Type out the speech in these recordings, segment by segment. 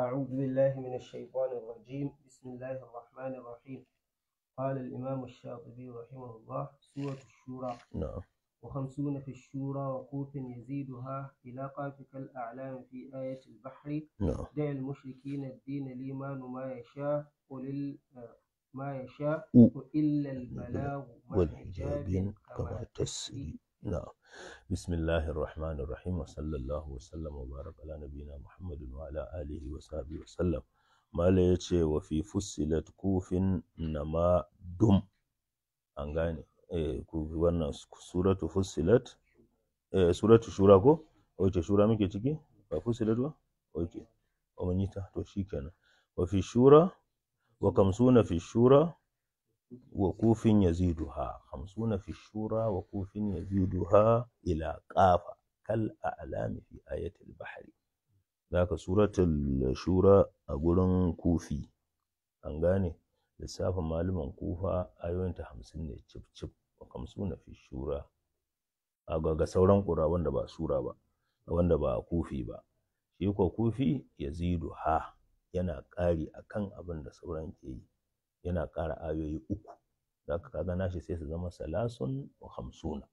أعوذ بالله من الشيطان الرجيم بسم الله الرحمن الرحيم قال الإمام الشاطبي رحمه الله سورة الشورى نعم وخمسون في الشورى وقوف يزيدها إلى قاتك الأعلام في آية البحر نعم دع المشركين الدين الإيمان ما يشاء قل ما يشاء وإلا البلاغ والحجاب كما تسري بسم الله الرحمن الرحيم وصلى الله وسلم وبارك على نبينا محمد وعلى آله وصحبه وسلم ما yace wa fi fussilat shikenan wa fi shura wa kamsuna fi Wa wakufin yaziduha hamsuna fi shura Kofin yaziduha ila ƙafa kal a'lami fi ayatil bahri zaka suratul shura a gurin Kofi. an gane lissafin malaman kufa ayoyinta hamsin ne cif cif hamsuna fi shura ga sauran ƙura wanda ba sura ba wanda ba kufi ba shi kofi, kufi yazidu yana ƙare akan abin da sauran ke yana ƙara ayoyi uku zaka ka kaga nashi sai su zama salasun wa hamsuna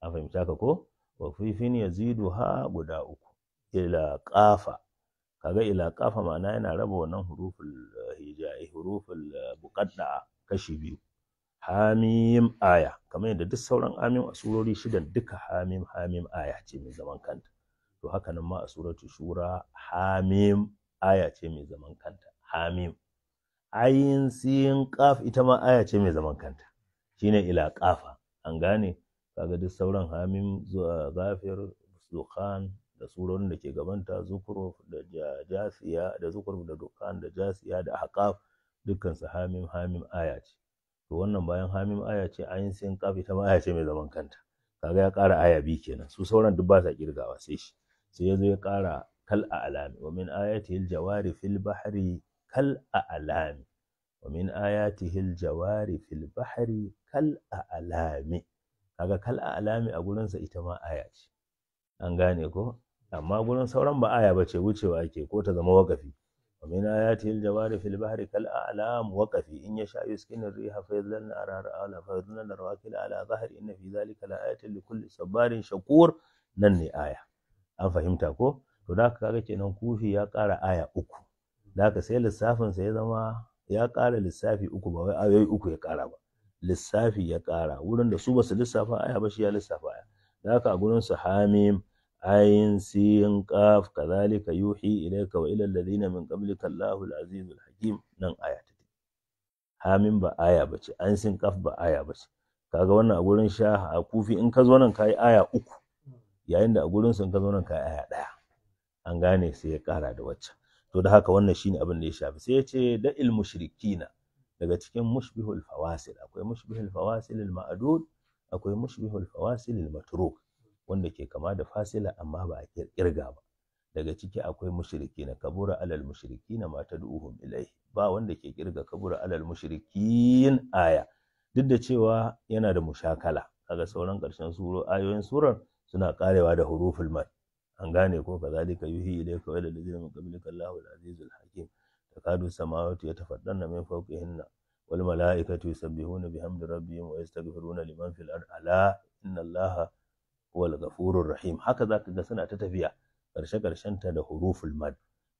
a fahimta ka ko wa fifin yazidu ha guda uku ila qafa kaga ila ƙafa ma'ana yana raba wannan huruful eh, hijai huruful eh, kashi biyu hamim aya kamar yadda duk sauran amin a surori shidan duka hamim hamim aya ce mai zaman kanta to haka nan ma a suratu shura hamim aya ce mai zaman kanta hamim ayin sin qaf ita ma aya ce mai zaman kanta shine ila qafa an gane kaga duk sauran hamim zuwa zafir dukhan da surorin da ke gabanta zukuruf da jasiya da zukuruf da dukhan da jasiya da haqaf dukkan su hamim hamim aya ce to wannan bayan hamim aya ce ayin sin qaf ita ma aya ce mai zaman kanta kaga ya kara aya biyu kenan su sauran duk ba sa kirgawa sai shi sai ya zo ya ƙara kal a'lami wa min ayati al jawari fil bahri kal a'lami wa min ayatihi al-jawari fil bahri kal a'lami kaga kal a a'lami a gurin sa ita ma aya ce an gane ko amma gurin sauran ba aya bace wucewa ake ko ta zama wakafi wa min ayatihi al-jawari fil bahri kal a'lam waqafi in yasha yuskinu ar-riha fa yadhlan arar ala fa yadhallu rawakil ala dhahri inna fi zalika la ayatin li kulli sabarin shakur nan ne aya an fahimta ko to da kaga kenan kufi ya kara aya uku da haka sai lissafinsa ya zama ya ƙara lissafi uku ba wai ayoyi uku ya ƙara ba lissafi ya ƙara wurin da su basu lissafa aya ba shi ya lissafa aya da haka a gurin su hamim ayin sin qaf kadhalika yuhi ilayka wa ila alladhina min qablika Allahu al hakim nan aya ta hamim ba aya ba ce an sin qaf ba aya ba ce kaga wannan a gurin sha a kufi in ka zo nan kai aya uku yayin da a gurin sun ka zo nan kai aya daya an gane sai ya ƙara da waccan to da haka wannan shine abin da ya shafi sai ya ce da il mushrikina daga cikin mushbihul fawasil akwai mushbihul fawasil al ma'dud akwai mushbihul fawasil al matruk wanda ke kama da fasila amma ba a kirga ba daga ciki akwai mushrikina kabura alal mushrikina ma tad'uhum ilaihi ba wanda ke kirga kabura alal mushrikin aya duk da cewa yana da mushakala kaga sauran karshen suro ayoyin surar suna karewa da huruful mad أن غاني كو كذلك يهي إليك وإلى الذين من قبلك الله العزيز الحكيم تكاد السماوات يتفطرن من فوقهن والملائكة يسبحون بحمد ربهم ويستغفرون لمن في الأرض ألا إن الله هو الغفور الرحيم هكذا كذا سنة تتفيا كرشا كرشا أنت حروف المد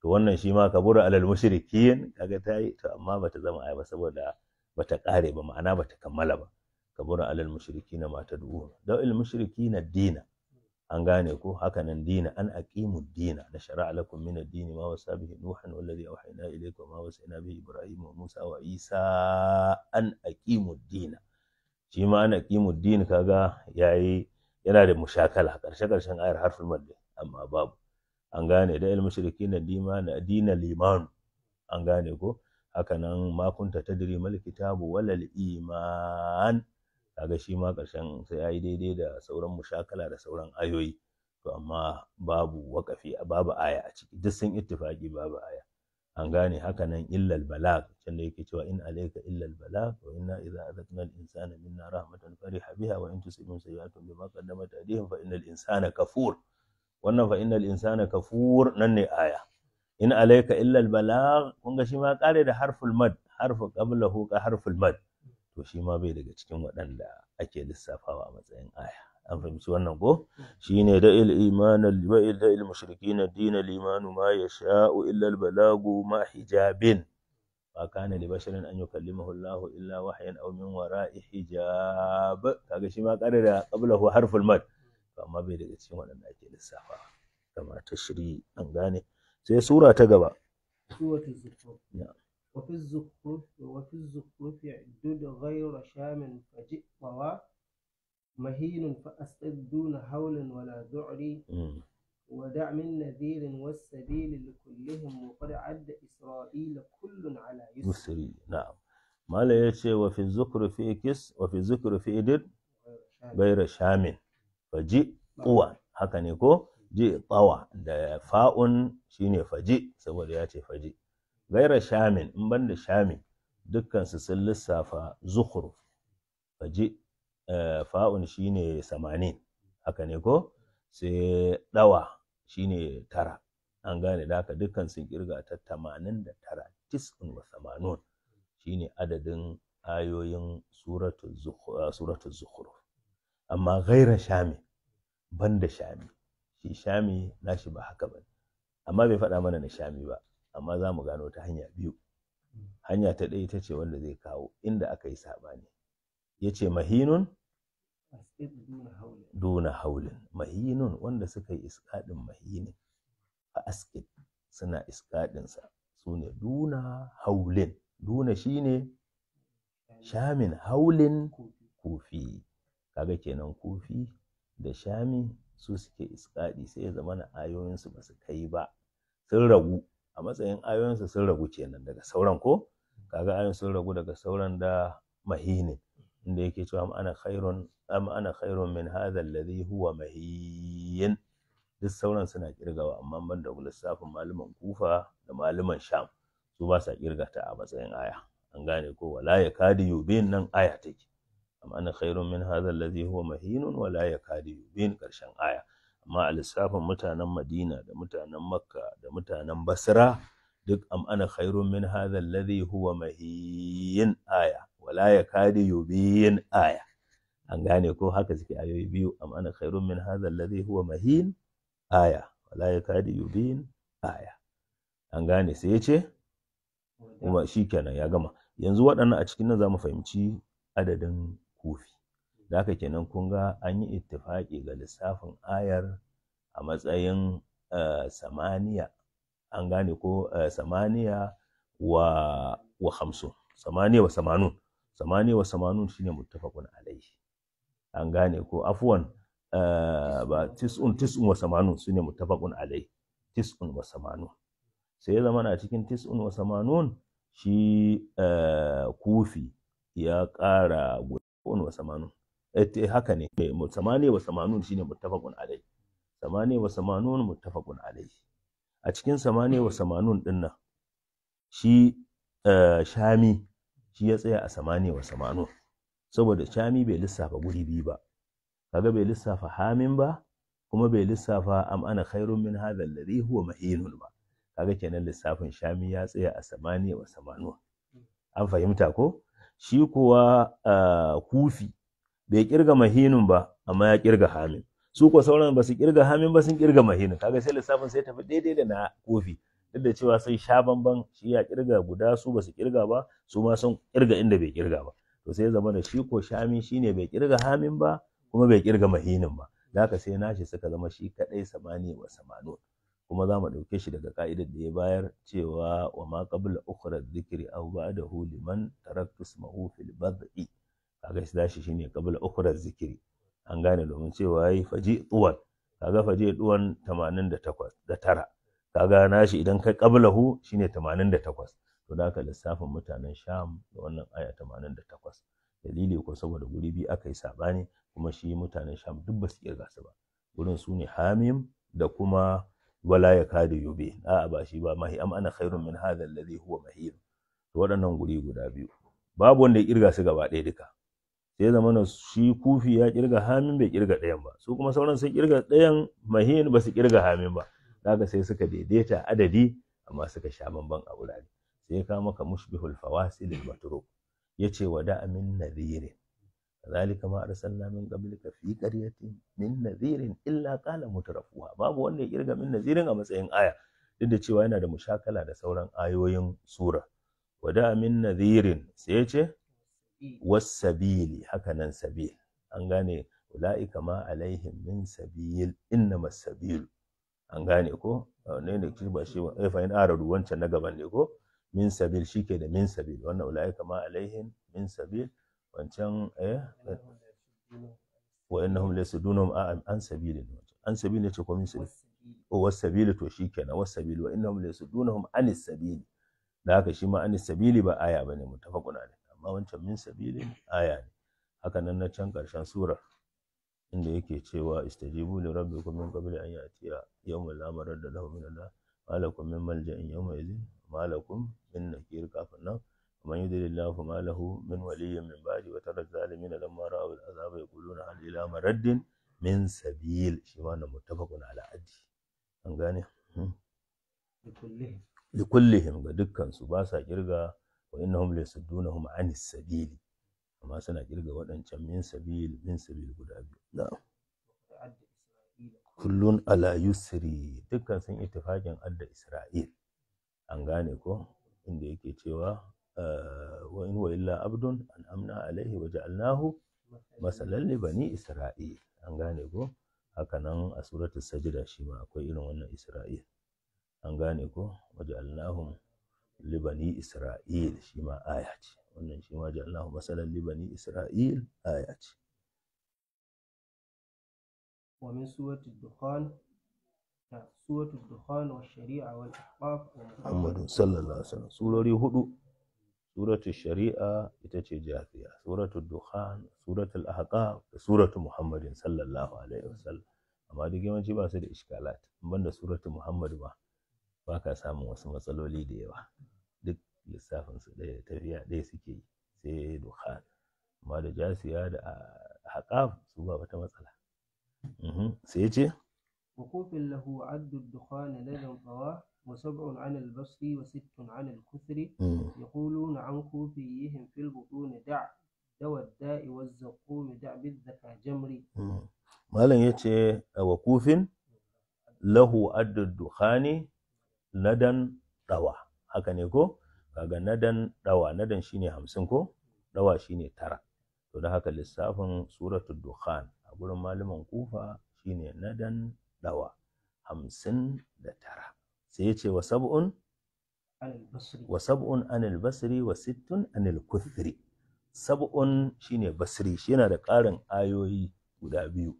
وأن شيما كبر على المشركين كاكتاي تأمام بتزام أي بس ولا بتقاري بمعنى بتكمل كبر على المشركين ما تدعوهم دو المشركين الدين an gane ko hakanan dina an aqimu dina da shara'a lakum min ad-dini ma wasa bihi nuhan wallazi awhayna ilayka ma wasaina bihi ibrahim wa musa wa isa an aqimu dina shi ma an aqimu dina kaga yayi yana da mushakala karshe karshen ayar harful madda amma babu an gane da shirki na dima na dina liman an gane ko hakanan ma kunta tadri mal kitabu wal iman kaga shi ma ƙarshen sai ya yi daidai da sauran mushakala da sauran ayoyi to amma babu waƙafi babu aya a ciki duk sun ittifaqi babu aya an gane haka nan illal balag can da yake cewa in alayka illal balag wa inna idza azaqna al insana minna rahmatan fariha biha wa in tusibhum sayi'atun bima qaddamat aydihim fa innal insana kafur wannan fa innal insana kafur nan ne aya in alayka illal balag kun ga shi ma kare da harful mad harfu qablahu ka harful mad to shi ma bai daga cikin waɗanda ake lissafawa a matsayin aya an fahimci wannan ko shine da il wa da il mushrikin dina limanu ma ya illa al balagu ma hijabin ba kana li basharin an yukallimahu Allah illa wahyan aw min wara'i hijab kaga shi ma kada da hu harful mad amma bai daga cikin waɗanda ake lissafawa kamar tashri an gane sai sura ta gaba suratul zukhruf وفي الزخرف اعدد غير شام فجئ طوى مهين فأسقط دون هول ولا ذعر ودع من نذير والسبيل لكلهم وقد عد إسرائيل كل على يسر نعم ما لا يشي وفي الذكر في كس وفي الذكر في إدر غير شام فجئ طوى هكا نيكو ji tsawa da fa'un shine faji saboda ya ce faji gaira shamin in ban da shamin su sun lissafa zuhru faji eh, fa'un shine samani, haka ne ko sai dawa shine tara an gane da haka dukkan sun kirga ta tamanin da tara tis'un wa samanun shine adadin ayoyin suratul zuhru eh, amma gaira shami ban da shami shi shami nashi ba haka ba amma bai faɗa mana na shami ba amma za mu gano ta hanya biyu hmm. hanya ta ɗaya ita ce wanda zai kawo inda aka yi saɓani ya ce mahinun duna haulin mahinun wanda suka yi iskaɗin mahinin a askin suna iskaɗinsa su ne duna haulin duna shine shamin haulin kofi kaga kenan kofi da shami su suke iskaɗi sai ya zama na ayoyinsu ba su kai ba sun ragu a matsayin ayoyinsa sun ragu kenan daga sauran ko kaga ayoyin sun ragu daga sauran da mahinin inda yake cewa am ana khairun am ana khairun min hadha alladhi huwa duk sauran suna kirgawa amma ban da lissafin malaman kufa da malaman sham su ba sa kirgata a matsayin aya an gane ko wala kadi yubin nan aya take am ana khairun min hadha alladhi huwa mahinun wala kadi yubin karshen aya amma a lissafin mutanen madina da mutanen makka da mutanen basra duk am ana khairun min hadha alladhi huwa mahiyin aya wala yakadu yubiyin aya an gane ko haka suke ayoyi biyu am ana khairun min hadha alladhi huwa mahin aya wala yakadu yubiyin aya an gane sai yace, kuma shikenan ya gama yanzu waɗannan a cikin nan za mu fahimci adadin kofi da haka kenan kun ga an yi ittifaƙi ga lissafin ayar a matsayin eh, samaniya an gane ko eh, samaniya wa wa hamsin samaniya wa samanun samaniya wa samanun shine muttafaqun alaihi an gane ko afwan eh, ba tis'un tis'un wa samanun shine muttafaqun alaihi tis'un wa samanun sai ya zama na cikin tis'un wa samanun shi kufi ya ƙara guda wa samanun Eh, eh, haka ne eh, samaniya wa samanun shine muttafaqun alai samaniya wa samanun muttafaqun alai a cikin samaniya wa samanun din nan shi shami shi ya tsaya a samaniya wa samanun saboda shami bai lissafa guri biyu ba kaga bai lissafa hamin ba kuma bai lissafa am ana khairun min hadha alladhi huwa mahinun ba kaga kenan lissafin shami ya tsaya a samaniya wa samanun an fahimta ko shi kuwa kufi bai kirga mahinun ba amma ya kirga hamin su ko sauran ba su kirga hamin ba sun kirga mahinin kaga sai lissafin sai tafi daidai da na kofi duk da cewa sai sha bamban shi ya kirga guda su ba su kirga ba su ma sun kirga inda bai kirga ba to sai zama da shi ko shami shine bai kirga hamin ba kuma bai kirga mahinin ba zaka sai nashi suka zama shi kadai samani wa samano kuma za mu ɗauke shi daga ka'idar da ya bayar cewa wa ma qabla ukhra dhikri aw ba'dahu liman taraktu ismahu fil bad'i kaga shi dashi shine qabla ukhra zikiri an gane domin cewa yayi faji tuwan kaga faji tuwan 88 da tara kaga nashi idan kai qablahu shine 88 to da ka lissafin mutanen sham da wannan aya 88 dalili ko saboda guri biyu aka yi sabani kuma shi mutanen sham duk ba su kirga su ba gurin su ne hamim da kuma wala ya kadu yobe a'a ba shi ba mahi am ana khairun min hadha alladhi huwa mahir to waɗannan guri guda biyu babu wanda ya kirga su gaba ɗaya duka sai zama na shi kufi ya kirga hamin bai kirga ɗayan ba su kuma sauran sun kirga ɗayan mahin ba su kirga hamin ba kaga sai suka daidaita adadi amma suka sha bamban a wurare sai ya kawo maka mushbihul fawasil matruk yace wada amin nadhirin kadhalika ma arsalna min qablika fi qaryatin min nadhirin illa qala mutrafuha babu wanda ya kirga min nadhirin a matsayin aya duk da cewa yana da mushakala da sauran ayoyin sura wada amin nadhirin sai ya ce wasabili haka nan sabil an gane ula'ika ma alaihim min sabil innama sabil an gane ko ne ne ba shi ba eh fa in aradu wancan na gaban ne ko min sabil shike da min sabil wannan ula'ika ma alaihim min sabil wancan eh wa innahum laysudunum an sabil an sabil ne ce ko min sabil o wasabili to shikenan wasabili wa innahum laysudunhum anis sabili da haka shi ma anis sabili ba aya bane mutafaquna ne amma wancan min sabili aya ne haka nan na can ƙarshen sura inda yake cewa istajibu li rabbikum min qabl an ya'tiya yawmun la maradda lahu min Allah ma min malja'in yawma idhin ma min nakir kafin nan man yudillahu fa ma lahu min waliyyin min ba'di wa tarad zalimin lamma ra'u al'azaba yaquluna hal ila maraddin min sabil shi wannan muttafaqun ala adi an gane hmm. likullihim ga dukkan su ba sa kirga wa innahum la yasuddunahum anis sabili amma suna kirga waɗancan min sabil guda biyu na'am kullun ala yusri dukkan sun ittifaqin adda isra'il an gane ko inda yake cewa wa in wa illa abdun an amna alaihi wa ja'alnahu masalan li bani isra'il an gane ko hakanan a suratul sajda shi ma akwai irin wannan isra'il an gane ko wa ja'alnahum libani isra'il shi ma aya ce wannan shi ma ji allahu matsalar libani isra'il aya ce Muhammadu sallallahu Alaihi wasallam surori hudu suratul shari'a ita ce jafiya suratul duhan suratul ahqa da suratu muhammadin sallallahu alaihi wasallam amma duk yawanci ba su da iskalat ban da suratul muhammad ba ba ka samun wasu matsaloli da yawa duk lissafin su ɗaya tafiya ɗaya suke yi sai amma da jasiya da ah, haƙaf su ba wata matsala mhm. sai ce wakufin lahu addu dukhan ladan fawa wa sab'un an al-basri wa sittun an al-kusri mm. yaquluna an kufiyihim fil butun da' dawa wa zaqum da' bi dhaka jamri mm. malam yace wakufin lahu addu nadan ɗawa haka ne ko kaga nadan ɗawa nadan shine hamsin ko ɗawa shine tara to don haka lissafin suratul dukhan a gurin malaman kufa shine nadan ɗawa hamsin da tara sai ya ce wa sab'un anil basri wa sittun anil kuthri sab'un shine basri shi yana da ƙarin ayoyi guda biyu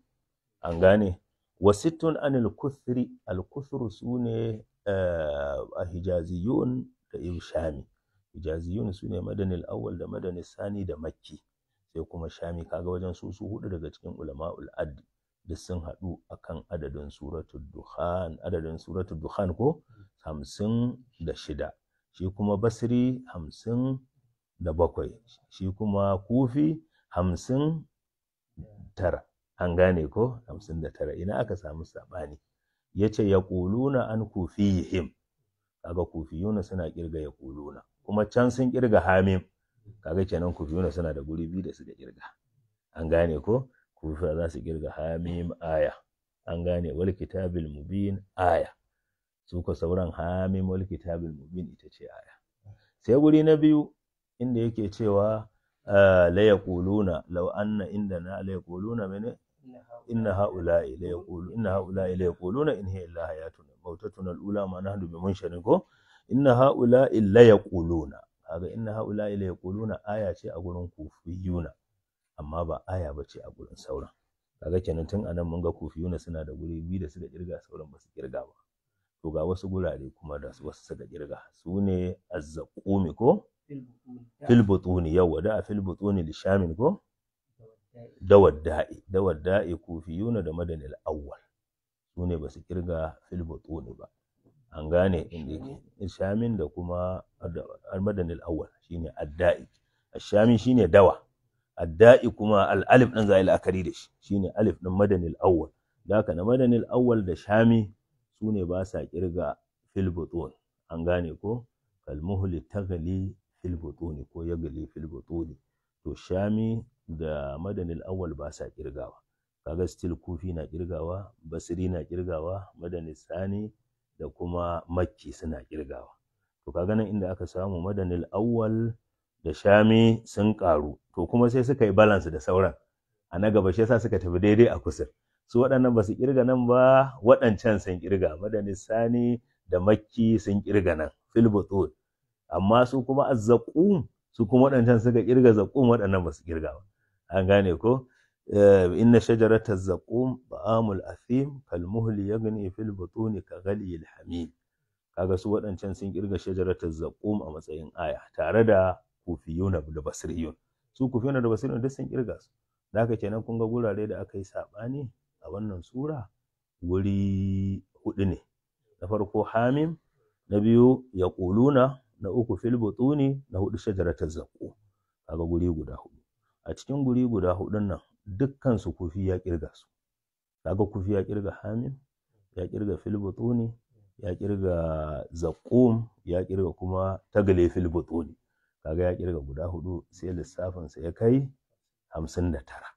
an gane wa sittun anil kuthri al kuthru sune a hijaziyun da shami hijaziyun su ne madanil awwal da madanil sani da makki sai kuma shami kaga wajen su su hudu daga cikin ulama'ul addi da sun haɗu akan adadin suratul duhan adadin suratul duhan ko hamsin da shida shi kuma basri hamsin da bakwai shi kuma kufi hamsin tara an gane ko hamsin da tara ina aka samu saɓani yace kuluna an kufihim kaga kufiyuna suna kirga ya kuluna. kuma can sun kirga hamim kaga kenan kufiyuna suna da guri biyu da suka kirga an gane ko kufiya za su kirga hamim aya an gane wal kitabil mubin aya su ko sauran hamim wal kitabil mubin ita ce aya sai guri na biyu inda yake cewa ah, la yaquluna law anna indana la yaquluna mene inna haula'i la yaqulu inna haula'i la yaquluna in hiya illa hayatuna mautatuna al ma nahnu ko inna haula'i yaquluna kaga inna haula'i yaquluna aya ce a gurin kufiyuna amma ba aya bace a gurin sauran kaga kenan tun anan mun ga kufiyuna suna da guri biyu da suka kirga sauran ba su kirga ba to ga wasu gurare kuma da wasu suka kirga su ne azzaqumi ko fil butuni yawwa da fil butuni lishamin ko dawar da'i dawar da'i kufiyuna da madanil awwal su ne ba su kirga fil butuni ba an gane inda yake shamin da kuma madanil awwal shine adda'i ashami shine dawa adda'i kuma al-alif din zai la'akari da shi shine alif din madanil awwal daka na madanil awwal da shami su ne ba sa kirga fil butun an gane ko kal muhli taghli fil butuni ko yaghli fil butuni to shami da madani awwal ba sa kirgawa kaga still kofi na kirgawa basiri na kirgawa madani sani da kuma makki suna kirgawa to kaga nan inda aka samu madani awwal da shami sun karu to kuma sai suka yi balance da sauran a na gaba shi yasa suka tafi daidai a kusur su waɗannan ba su kirga nan ba waɗancan sun kirga madani sani da makki sun kirga nan fil amma su kuma azzaqum su kuma waɗancan suka kirga zaƙun waɗannan ba su kirga ba an gane ko eh, inna shajarata zaqum ba'amul athim kal muhli yagni fil butuni ka ghalil hamim kaga su waɗancan sun kirga shajaratar zaqum a matsayin aya tare da kufiyuna da basriyun su kufiyuna da basriyun duk sun kirga su da haka kenan kun ga gurare da aka yi saɓani a wannan sura wuri hudu ne na farko hamim na biyu yaquluna na uku fil butuni na hudu shajaratar zaqum kaga guri guda hudu a cikin guri guda hudun nan dukkansu kofi ya kirga su kaga kufi ya kirga hamim ya kirga filbutuni ya kirga zakum ya kirga kuma tagale filbutuni kaga ya kirga guda hudu sai lissafin sa ya kai hamsin da tara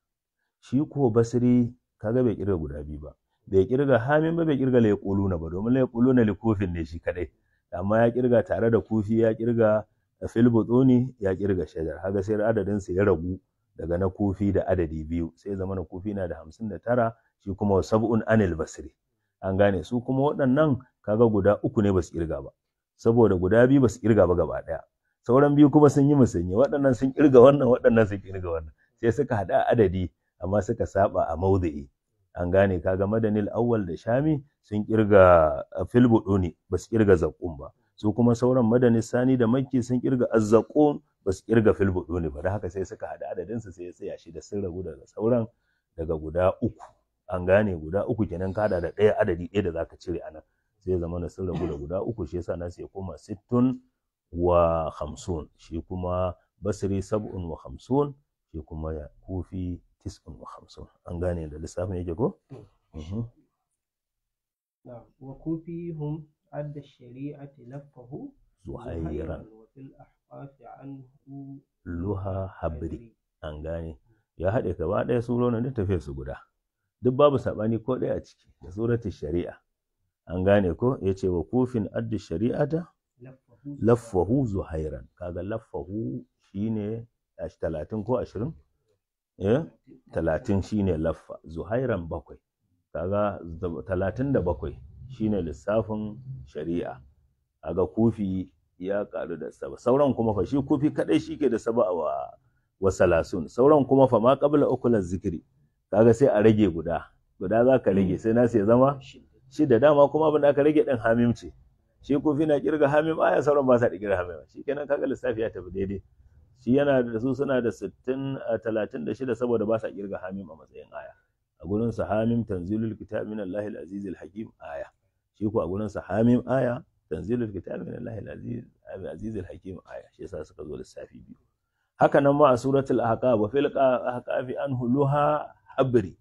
shi ko basri kaga bai kirga guda biyu ba bai kirga hamin ba bai kirga laiƙuluna ba domin laiƙuluna likofin ne shi kadai amma ya kirga tare da kufi ya kirga filbutuni ya kirga shajar Haga sai adadin sa ya ragu daga na kufi da adadi biyu sai zama na kufi na da hamsin da tara shi kuma sab'un anil basri an gane su kuma waɗannan kaga guda uku ne basu ƙirga ba saboda guda biyu basu kirga ba gaba ɗaya sauran biyu kuma sun yi musanye waɗannan sun ƙirga wannan waɗannan sun kirga wannan sai suka haɗa adadi amma suka saba a maudu'i an gane kaga madanil awwal da shami sun kirga filbuɗu ne basu kirga zaqqum ba su kuma sauran madanin sani da makki sun kirga azzaqum ba su kirga filbuɗu ne ba da haka sai suka haɗa adadinsu sai ya tsaya shida sun ragu daga sauran daga guda uku an gane guda uku kenan ka da ɗaya adadi ɗaya da za ka cire anan sai zama na sun ragu da guda uku shi yasa nasu ya koma sittun wa hamsun shi kuma basri sab'un wa hamsun shi kuma ya kufi tis'un wa hamsun an gane da lissafin yake ko mhm. wa kufi hum adda shari'ati lafahu zuhairan wa luha habri an gane ya haɗe gaba ɗaya na da tafiyar su guda duk babu saɓani ko ɗaya a ciki da surati shari'a an gane ko ya ce wa kufin addu shari'ata laffahu zuhairan kaga laffahu shine talatin ko ashirin eh, talatin shine laffa zuhairan bakwai kaga talatin da bakwai shine lissafin shari'a kaga kufi ya karu da saba sauran kuma fa shi kufi kadai shike da saba wa wa salasun sauran kuma fa ma qabla ukula zikri kaga sai a rage guda guda za ka rage sai na ya zama shi da dama kuma abin da aka rage din hamim ce shi kufi na kirga hamim aya sauran ba sa da kirga hamim kenan kaga lissafi ya tafi daidai shi yana da su suna da 60 36 saboda ba sa kirga hamim a matsayin aya a gurin sa hamim tanzilul kitab min Allahil azizil hakim aya shi ko a gurin sa hamim aya tanzilul kitabi min Allahil aziz aziz al hakim aya shi yasa suka zo lissafi biyu haka nan ma a suratul ahqaf wa fil ahqaf anhu luha habri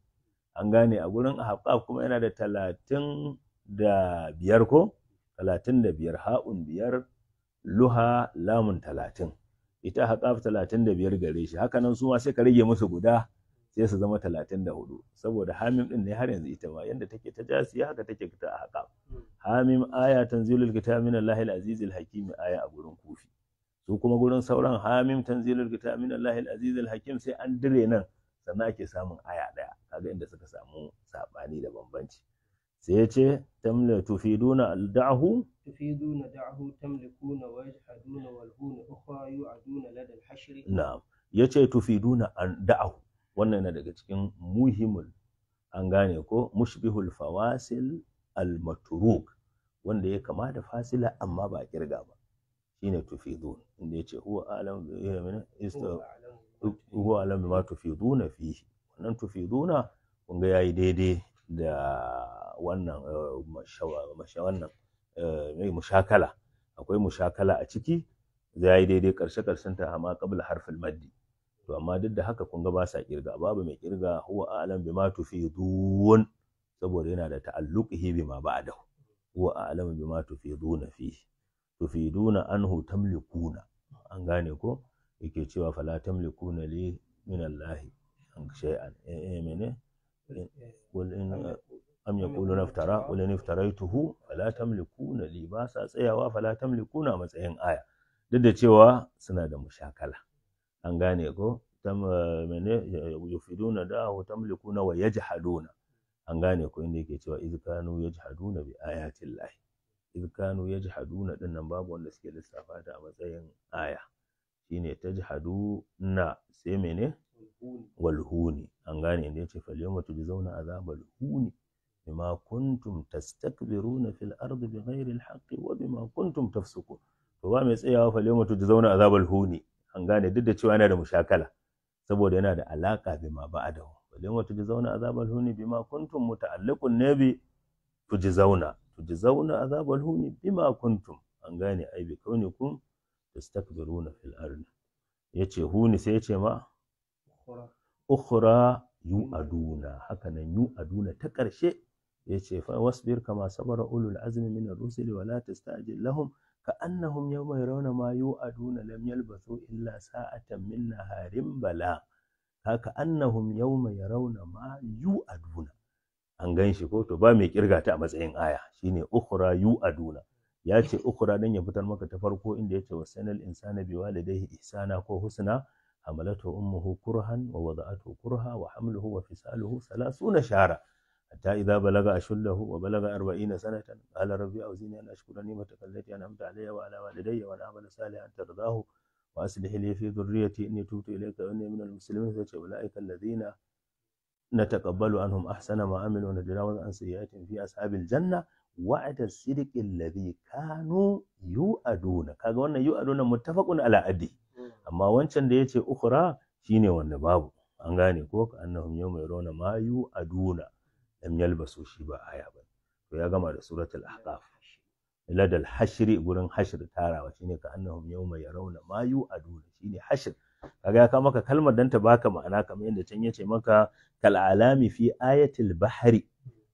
an gane a gurin ahqaf kuma yana da 30 da biyar ko 35 ha'un biyar luha lamun 30 ita ahqaf 35 gare shi haka nan su ma sai ka rage musu guda sai su zama talatin da hudu saboda hamim din ne har yanzu ita ma yanda take ta jasiya haka take a haka hamim aya tanzilul kitab min allahil azizil hakim aya a gurin kufi su kuma gurin sauran hamim tanzilul kitab min allahil azizil hakim sai an dire nan sannan ake samun aya daya kaga inda suka samu sabani da bambanci sai ya ce tamla tufiduna da'ahu tufiduna da'ahu tamlikuna wa yajhaduna wal huna ukhra yu'aduna ladal hashri na'am yace tufiduna an da'ahu wannan yana daga cikin muhimul an gane ko mushbihul fawasil al matruk wanda ya kama da fasila amma ba a kirga ba shine tufidun inda yace huwa alam eh, huwa alam ma tufiduna fihi wannan tufiduna kun ga yayi daidai da wannan eh, wannan eh, mai mushakala akwai mushakala a ciki zai yi daidai karshe karshen ta amma qabla harfil maddi to amma duk da haka kun ga ba sa kirga babu mai kirga huwa a'lam bima tufidun saboda yana da ta'alluqihi bima ba'da huwa a'lam bima tufiduna fi tufiduna anhu tamlikuna an gane ko yake cewa fala tamlikuna li min Allah shay'an eh, eh mene qul in am yaquluna iftara qul in iftaraituhu fala tamlikuna li ba sa tsayawa fala tamlikuna matsayin aya duk da cewa suna da mushakala an gane ko tam eh, mene eh, yufiduna da wa tamlikuna wa yajhaduna an gane ko inda yake cewa iz kanu yajhaduna bi ayatin lahi iz kanu yajhaduna din nan babu wanda suke lissafa ta a matsayin aya shine tajhaduna sai mene walhuni an gane inda yace fal yawma tujzauna azabal huni bima kuntum tastakbiruna fil ardi bighairi al haqqi wa bima kuntum tafsukun to ba mai tsayawa fal yawma tujzauna azabal huni an gane duk da cewa yana da mushakala saboda yana da alaka bi ma ba'adahu walin tuji zauna azabal huni bima kuntum muta'alliqun ne tujzauna tujzauna azabal huni bima kuntum an gane ai bi kaunikum tastakbiruna fil ardi yace huni sai yace ma ukhra yu'aduna hakanan yu'aduna ta karshe yace fa wasbir kama sabara ulul azmi min ar-rusuli wa la tastajil lahum كأنهم يوم يرون ما يوعدون لم يلبثوا إلا ساعة من نهار بلاغ كأنهم يوم يرون ما يوعدون an gan shi ko to ba mai kirga ta a matsayin aya shine ukhra yu'aduna ya ce ukhra dan ya fitar maka ta farko inda ya ce wasanal insana bi walidayhi ihsana ko husna hamalatu ummuhu kurhan wa wada'atu kurha wa hamluhu wa fisaluhu 30 shahra hatta idza balaga ashuddahu wa balaga arba'in 40 sanatan qala rabbi awzini an ashkura ni'mataka allati an'amta alayya da ala walidayya wa an a'mala salihan tardahu wa aslih li fi dhurriyyati inni tubtu ilayka wa inni minal muslimin sai ce ulaika alladhina نتقبل عنهم أحسن ما عملوا ونتجاوز عن سيئاتهم في أصحاب الجنة وعد الصدق الذي كانوا يؤدون كاغا wannan yu'aduna muttafaqun ala addi hmm. amma wancan da yace ukhra shine wanda babu an gane ko ya yawma yarawna ma aduna. lam yalbasu shi ba aya ba to ya gama da suratul ahqaf ladal hashri gurin hashr tarawa shine ka annahum yawma yarawna ma yu'adun shine hashr kaga ka maka kalmar dan ta baka ma'ana kamar yadda can yace maka kal alami fi ayatil bahri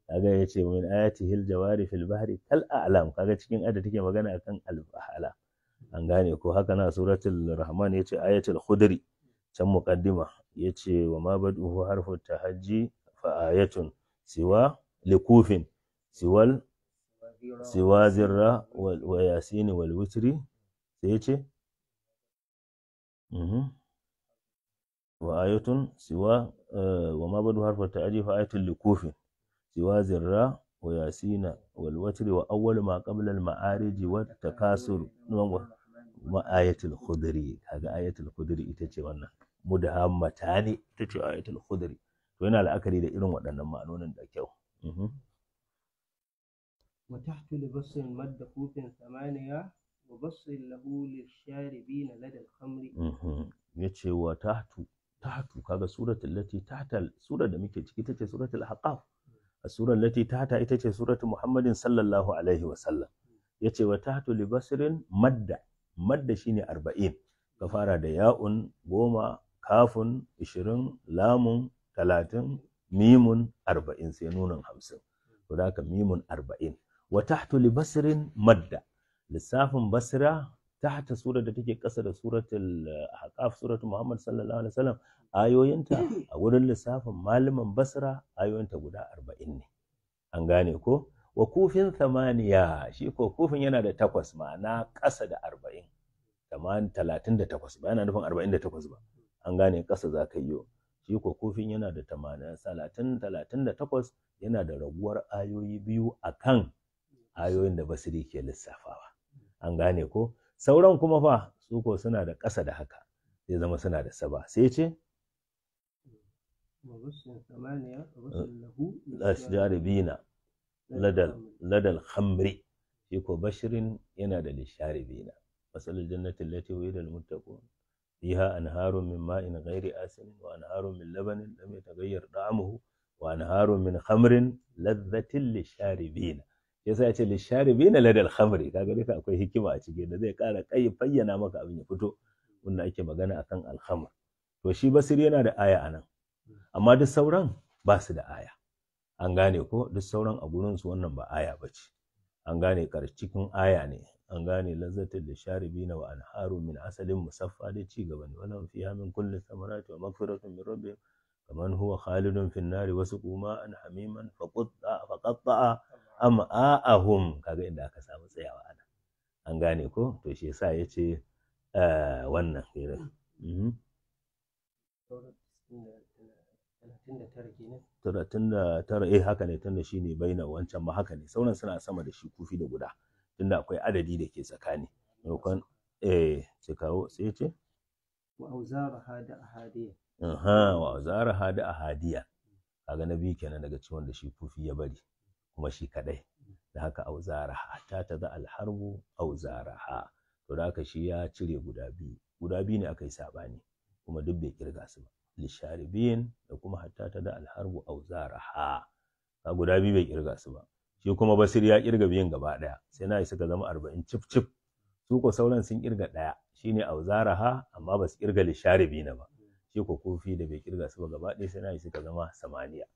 kaga yace min ayatihil jawari fil bahri kal alam kaga cikin ada take magana akan al bahala an gane ko haka na suratul rahman yace ayatul khudri can muqaddima yace wa ma bad'uhu harfu tahajji fa ayatun siwa likufin siwal siwa zirra wa yasini wal witri mhm, wa ayatun siwa eh, wa ma badu harfar ta'aji fa likufin siwa zirra wa yasina wal wa awwal ma qabla al ma'ariji wa takasur kuma ayatul khudri ayatul khudri ita ce wannan mudhammatani ita ce to yana la'akari da irin waɗannan ma'anonin da kyau mhm. wa mhm. ya ce wa tahtu tahtu kaga suratul lati tahta surar da muke ciki tace suratul haqaf a surar lati tahta ita ce suratul muhammadin sallallahu alaihi wa sallam ya ce wa tahtu libasirin madda madda shine arba'in ka fara da ya'un goma kafun ishirin lamun talatin mimun arba'in sai nunin hamsin to da haka mimun arba'in wa tahtu li basrin madda lissafin basra tahta surar da take ƙasa da suratul eh, ahqaf suratul muhammad sallallahu alaihi wasallam ayoyinta a wurin lissafin malaman basra ayoyinta guda arba'in ne an gane ko wa kufin thamaniya shi ko kufin yana da takwas ma'ana ƙasa da arba'in talatin da takwas ba yana nufin arba'in da takwas ba an gane ƙasa za ka yi shi kofin yana da tamanin talatin talatin da takwas yana da raguwar ayoyi biyu a kan ayoyin da basiri ke lissafawa an gane ko sauran kuma fa su ko suna da ƙasa da haka zai zama suna da saba sai ce eh, ladal ladal khamri shi ko bashirin yana da lisharibina masalul jannati allati wa'ida al muttaqun فيها أنهار من ماء غير آسن وأنهار من لبن لم يتغير طعمه وأنهار من خمر لذة للشاربين yasa ya ce lisharibi na ladal khamri kaga duka akwai hikima a cikin da zai kara kai fayyana maka abin ya fito wanda ake magana akan alhamar to shi basir yana da aya anan amma duk sauran ba su da aya an gane ko duk sauran a gurin su wannan ba aya bace an gane kar cikin aya ne an gane lazzatin da sharibi na wa anharu min asalin musaffa da ci gaba ne wannan fiha min kulli samarati wa makfiratun min rabbi kaman huwa khalidun fin nari wasu kuma an hamiman faqatta'a am'a'ahum kaga inda aka samu tsayawa ana an gane ko to shi yasa yace eh, wannan hira mhm. tun da tara eh haka ne tun da shi ne baina wancan ma haka ne sauran suna sama da shi kufi da guda tunda akwai adadi da ke tsakani maimakon eh sai kawo sai ce wa auzara da ahadiya aha wa auzaraha da ahadiya kaga na biyu kenan daga ciwon da shi kufi ya bari kuma shi kadai da haka ha, ta ta za alharbu ha. to da haka shi ya cire guda biyu guda biyu ne aka yi sabani kuma duk bai kirga su ba lisharibin da kuma hatta ta da alharbu ha. ka guda biyu bai kirga su ba shi kuma basir ya kirga biyun gaba daya sai na ka zama arba'in cif cif su ko sauran sun kirga daya shine auzaraha amma ba su kirga lishari bina ba shi ko kofi da bai kirga su ba gaba daya sai na suka zama samaniya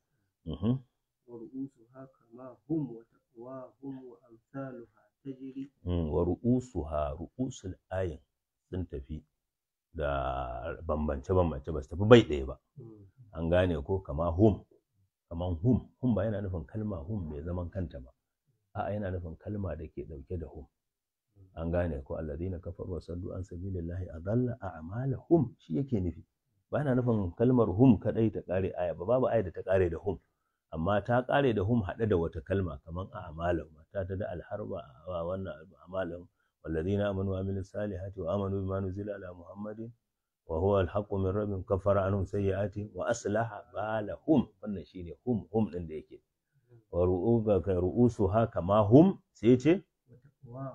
mhm. wa mm, ru'usuha ru'usul ayin sun tafi da bambance bambance ba su tafi bai ɗaya ba mm. an gane ko kama hum kamar hum hum ba yana nufin kalma hum mai zaman kanta ba a'a yana nufin kalma da ke dauke da hum an gane ko alladhina kafaru sallu an sabilillahi adalla a'malahum shi yake nufi ba yana nufin kalmar hum kadai ta kare aya ba babu aya da ta kare da hum amma ta kare da hum hade da wata kalma kamar a'malahum ta ta da alharba wa wannan a'malahum wa امنوا salihati wa amanu bima nuzila ala muhammadin wa huwa rabin min rabbihim kaffara anhum sayyi'atihim wa aslaha balahum wannan shine hum hum din da yake wa ru'uba ka ru'usuha kama hum sai ce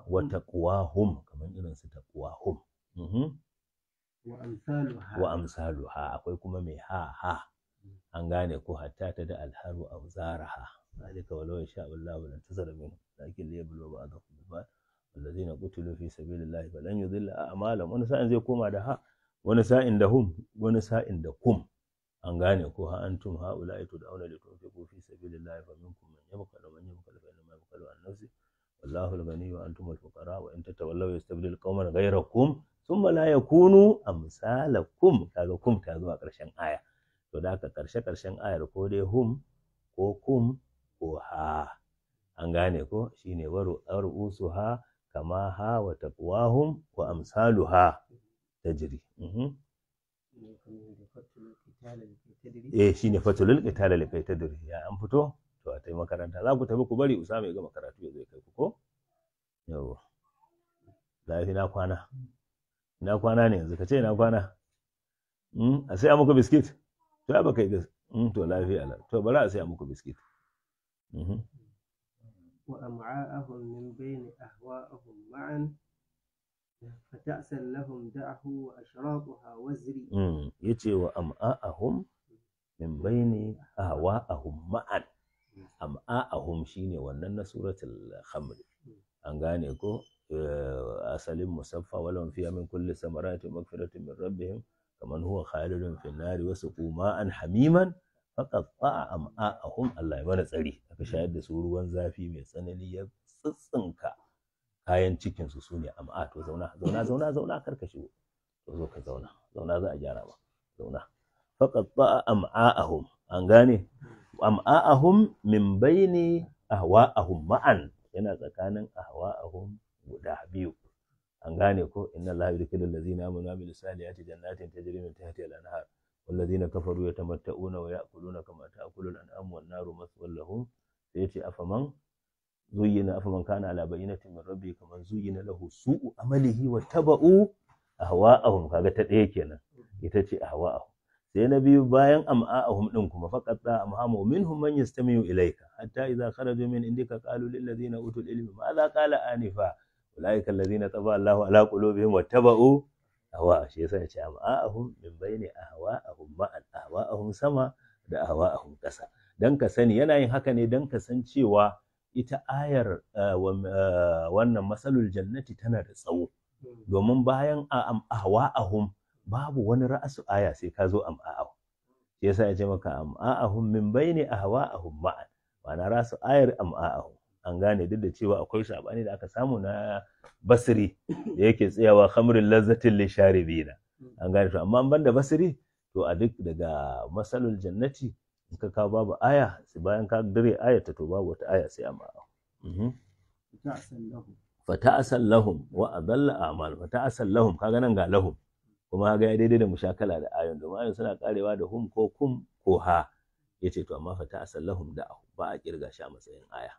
wa taqwahum kaman irin su taqwahum mhm. wa amsaluha akwai kuma mai ha ha an gane ko hatta ta da alharu awzaraha ذلك ولو يشاء الله لانتصر منهم لكن ليبلو بعضكم ببعض والذين قتلوا في سبيل الله فلن يضل اعمالهم wani sa'in zai koma da ha wani sa'in da hum wani sa'in da kum an gane ko ha antum ha ula'i ito da auna da tunfiqu fi sabilillahi fa minkum man yabqa wa man yabqa fa ma yabqa an nafsi wallahu al-ghani wa antum al-fuqara wa in tatawallaw yastabdil qauman ghayrakum thumma la yakunu amsalakum kaga kum ta zuwa karshen aya to da haka karshe karshen ayar ko dai hum ko kum ko ha an gane ko shine waru ar'usuha kama ha wa taqwahum wa amsaluha tajri mhm. eh shine fatulul li kai tadri ya an fito to a taimaka makaranta za ku tafi ku bari usama ya gama karatu ya zai kai ku ko yawa lafi na kwana ina kwana ne yanzu ka ce ina kwana hmm? a sai muku biskit to ya baka yi hmm, to lafiya la to bari a sai muku biskit mhm. wa am'a'ahum min bayni ahwa'ahum ma'an فتأسا لهم دعه وأشراطها وزري min baini ahwa'ahum ma'an am'a'ahum shine wannan na suratul khamr an gane ko asalin musaffa walam fiya min kulli samarati magfiratin min rabbihim kaman huwa khalidun fi nari wa ma'an hamiman faqatta'a am'a'ahum Allah ya mana tsari aka shayar da su ruwan zafi mai tsanani ya tsitsinka kayan cikinsu su ne amma to zauna zauna zauna zauna karkashi shigo to zo ka zauna zauna za a gyara ba zauna faqat ta'a am'a'ahum an gane am'a'ahum min baini ahwa'ahum ma'an yana tsakanin ahwa'ahum guda biyu an gane ko inna allaha yudkhilul ladzina amanu wa amilus salihati jannatin tajri min tahtiha al-anhar والذين كفروا يتمتعون ويأكلون كما تأكل الأنعام والنار مثوى لهم سيأتي afaman zuyyina na kana ala bayyinatin min rabbi kaman zuyyina lahu su'u amalihi wa taba'u ahwa'ahum kaga ta ɗaya kenan ita ce ahwa'ahum sai na biyu bayan am'a'ahum ɗin kuma faqad da amhamu minhum man yastami'u ilayka hatta idza kharaju min indika qalu lil ladzina utul ilimi ma za qala anifa ulaika alladhina taba Allahu ala qulubihim wa taba'u ahwa shi yasa ya ce am'a'ahum min bayni ahwa'ahum ma'an ahwa'ahum sama da ahwa'ahum ƙasa dan ka sani yana yin haka ne dan ka cewa ita ayar eh, eh, wannan masalul jannati tana da tsawo hmm. domin bayan ahwa ahum babu wani ra'asu aya sai ka zo am shi yasa ya ce maka am a'ahum min baini ahwa ahum ma'an ma'ana ra'asu ayar am an gane duk da cewa akwai sabani da aka samu na basri da yake tsayawa khamrul lazzatin lisharibina an gane to amma ban da basri to a duk daga masalul jannati suka kawo babu aya sai bayan ka dire ayata to babu wata aya sai amma mhm. fata asal lahum wa adalla a'mal fata asal lahum kaga nan ga lahum kuma ga daidai da mushakala da ayon domin ayon suna karewa da hum ko kum ko ha yace to amma fata asal lahum da ba a kirga shi a matsayin aya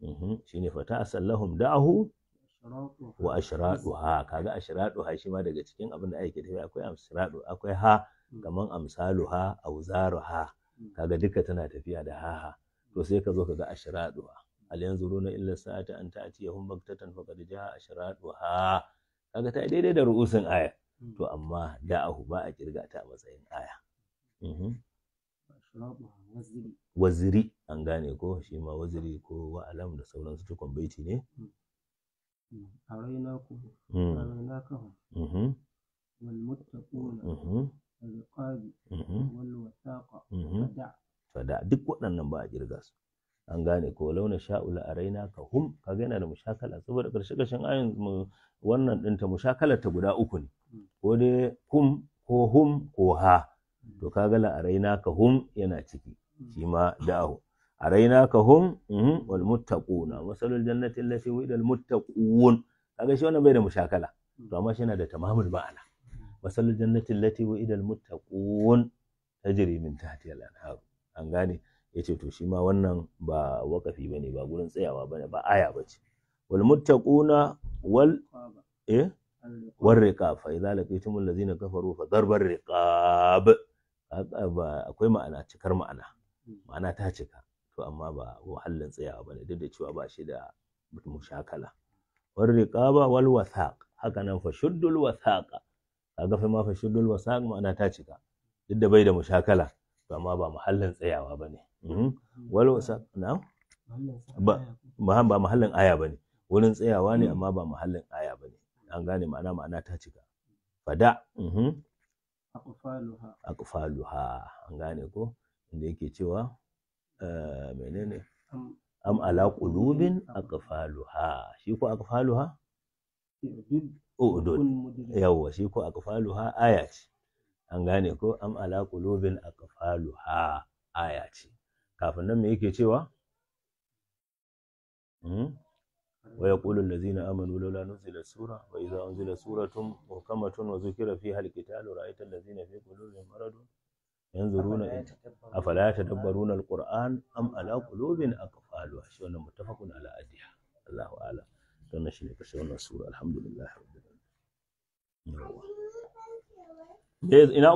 mhm. shine fata asal lahum da'ahu wa ashradu ha kaga ashradu ha shi ma daga cikin abin da ake tafi akwai ashradu akwai ha kaman amsalu ha auzaru ha kaga duka tana tafiya da haha to sai ka zo ka ga ashraduha hal runa illa sa'ata an yahum baktatan faqad jaa ashraduha kaga ta daidai da ru'usin aya to amma da ahu ba a kirga ta a matsayin aya mhm. waziri an gane ko shi ma waziri ko wa'alam da sauransu tukun baiti ne a ku a wal alqabi mhm. mhm. fada duk waɗannan ba a kirga su an gane ko launa sha'ula raina ka hum ka yana da mushakala saboda karshe karshen ayin wannan dinta mushakalar ta guda uku ne mm. ko dai hum, ko hum ko ha mm. to kaga a raina ka hum yana ciki mm. shi ma da'ahu raina ka hum mhm, wal muttaquna masalul jannati allati wida al muttaqun kaga shi wannan bai da mushakala to amma shi yana da tamamul ma'ana masallu jannatin lati wa idal muttaqun tajri min tahtiha al-anhar an gane yace to shi ma wannan ba wakafi bane ba gurin tsayawa bane ba aya bace wal muttaquna wal eh wal riqab fa idza laqitum allazina kafaru fa darbar riqab akwai ma'ana cikar ma'ana ma'ana ta cika to amma ba muhallin tsayawa bane duk da cewa ba shi da shakala wal riqaba wal wathaq haka nan fa shuddul wathaqa kaga fa ma fa shuddul wasaq ma'ana ta cika duk da bai da mushakala to amma ba muhallin tsayawa bane mhm. wal wasaq na'am ba ba muhallin aya bane wurin tsayawa ne amma ba muhallin aya bane an gane ma'ana ma'ana ta cika fada mhm. aqfaluha aqfaluha an gane ko inda yake cewa eh, menene am ala qulubin aqfaluha shi ko aqfaluha udud yawwa shi ko aqfaluha aya ce an gane ko am ala qulubin aqfaluha aya ce kafin nan me yake cewa hmm? wa yaqulu allazina amanu laula nuzila sura wa idza unzila suratun muhkamatun wa zukira fiha alqitalu ra'aita allazina fi qulubihim maradun yanzuruna afala tadabbaruna alquran am ala qulubin aqfaluha shi wannan muttafaqun ala adiha Allahu a'lam wannan shine kashe wannan sura alhamdulillah rabbil No. you know.